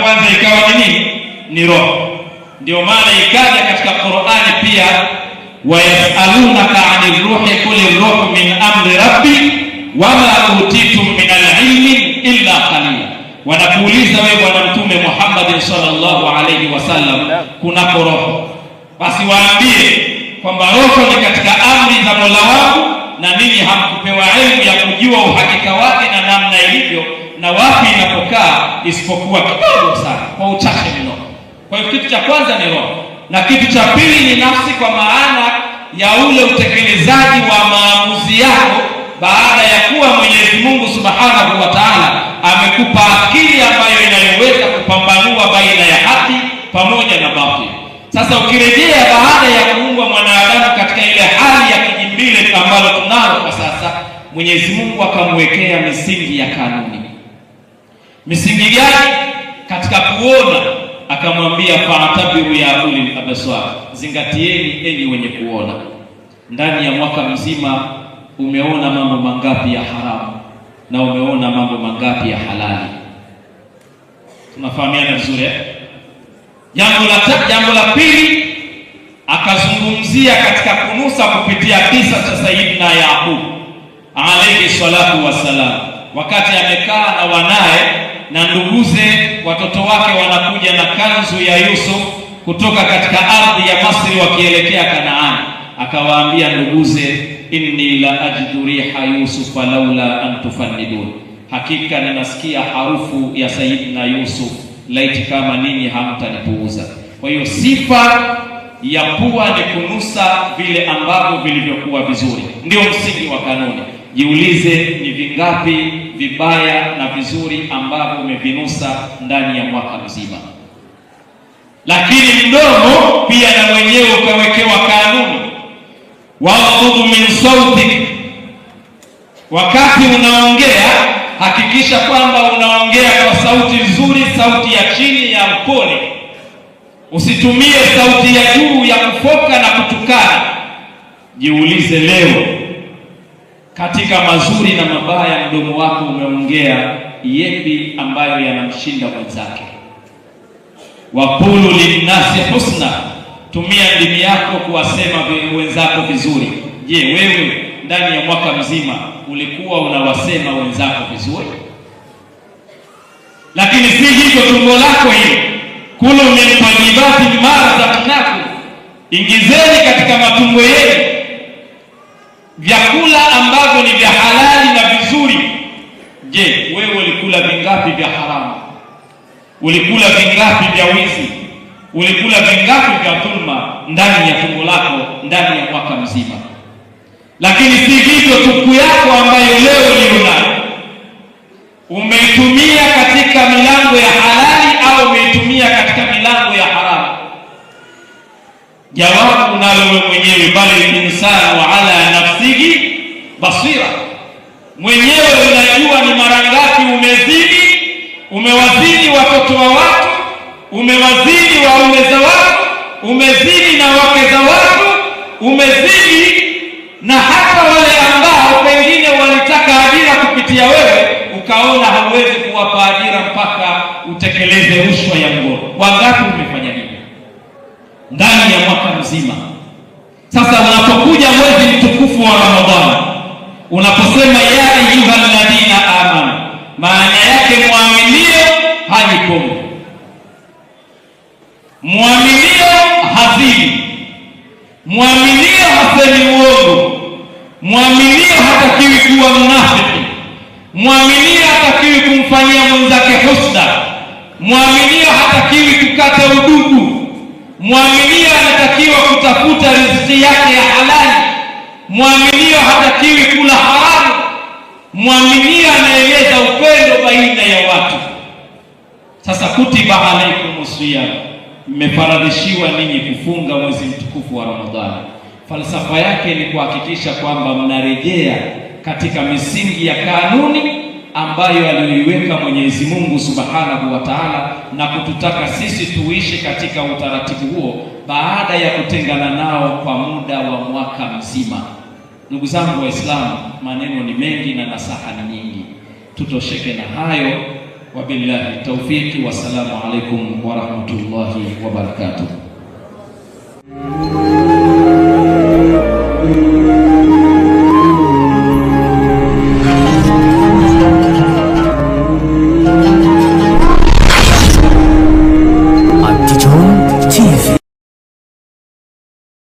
Kwanza ikawa ni nini? Ni roho. Ndio maana ikaja katika Qur'ani pia, wayasalunaka ani ruhi kuli ruhu min amri rabbi wama utitum min alilmi illa qalila, wanakuuliza wewe bwana Mtume Muhammad sallallahu alayhi wasallam kuna roho, basi waambie kwamba roho ni katika amri za Mola wangu, na ninyi hamkupewa elimu ya kujua uhakika wake na namna ilivyo na wapi inapokaa isipokuwa kidogo sana, kwa uchache mno. Kwa hiyo kitu cha kwanza ni roho, na kitu cha pili ni nafsi, kwa maana ya ule utekelezaji wa maamuzi yako baada ya kuwa Mwenyezi Mungu Subhanahu wa Ta'ala amekupa akili ambayo inayoweza kupambanua baina ya haki pamoja na batili. Sasa ukirejea baada ya kuumbwa mwanadamu katika ile hali ya kijimbile ambalo tunalo kwa sasa, Mwenyezi Mungu akamwekea misingi ya kanuni Misingi gani? Katika kuona akamwambia, faatabiru ya ulil abaswar, zingatieni enyi wenye kuona. Ndani ya mwaka mzima umeona mambo mangapi ya haramu na umeona mambo mangapi ya halali? Tunafahamiana vizuri. Eh? Jambo la jambo la pili akazungumzia katika kunusa kupitia kisa cha Sayyidina Yaqub alayhi salatu wassalam, wakati amekaa na wanaye na nduguze watoto wake wanakuja na kanzu ya Yusuf kutoka katika ardhi ya Masri wakielekea Kanaani. Akawaambia nduguze, inni la ajidu riha yusufa laula an tufannidun, hakika ninasikia harufu ya sayidina Yusuf, laiti kama ninyi hamtanipuuza. Kwa hiyo sifa ya pua ni kunusa vile ambavyo vilivyokuwa vizuri, ndio msingi wa kanuni jiulize ni vingapi vibaya na vizuri ambavyo umevinusa ndani ya mwaka mzima. Lakini mdomo pia na wenyewe ukawekewa kanuni, wabudu min sauti, wakati unaongea hakikisha kwamba unaongea kwa sauti nzuri, sauti ya chini ya upole, usitumie sauti ya juu ya kufoka na kutukana. Jiulize leo katika mazuri na mabaya mdomo wako umeongea, yepi ambayo yanamshinda mwenzake? Waqulu linnasi husna, tumia ndimi yako kuwasema wenzako vizuri. Je, wewe ndani ya mwaka mzima ulikuwa unawasema wenzako vizuri? Lakini si hivyo, tumbo lako hili, kulu min mara ma razaqnakum, ingizeni katika matumbo yenu ambavyo ni vya halali na vizuri. Je, wewe ulikula vingapi vya haramu? Ulikula vingapi vya wizi? Ulikula vingapi vya dhulma ndani ya tumbo lako ndani ya mwaka mzima? Lakini si hivyo, tupu yako ambayo leo ulionayo umeitumia katika milango ya halali au umeitumia katika milango ya haramu? Jawabu nalo wewe mwenyewe, bali insana hasira. Mwenyewe unajua ni mara ngapi umezidi, umewazidi watoto wa watu, umewazidi waumeza za watu, umezidi na wake za watu, umezidi na hata wale ambao pengine walitaka ajira kupitia wewe, ukaona hauwezi kuwapa ajira mpaka utekeleze rushwa ya mgoro. Wangapi umefanya hivyo ndani ya mwaka mzima? Sasa unapokuja mwezi mtukufu wa Ramadhani Unaposema ya ayyuhalladhina amanu, maana yake mwaminio haji pombe, mwaminio hazini, mwaminio hasemi uongo, mwaminio hatakiwi kuwa mnafiki, mwaminio hatakiwi kumfanyia mwenzake husda, mwaminio hatakiwi kukata udugu, mwaminio anatakiwa kutafuta riziki yake Mwaminio hatakiwi kula haramu. Mwaminio anaeleza upendo baina ya watu. Sasa, kutiba alaikum siyam, mmefaradhishiwa ninyi kufunga mwezi mtukufu wa Ramadhani. Falsafa yake ni kuhakikisha kwamba mnarejea katika misingi ya kanuni ambayo aliyoiweka Mwenyezi Mungu Subhanahu wa Ta'ala, na kututaka sisi tuishi katika utaratibu huo baada ya kutengana nao kwa muda wa mwaka mzima. Ndugu zangu Waislamu, maneno ni mengi na nasaha ni nyingi, tutosheke na hayo. Wabillahi taufiki, wassalamu alaikum warahmatullahi wabarakatuh.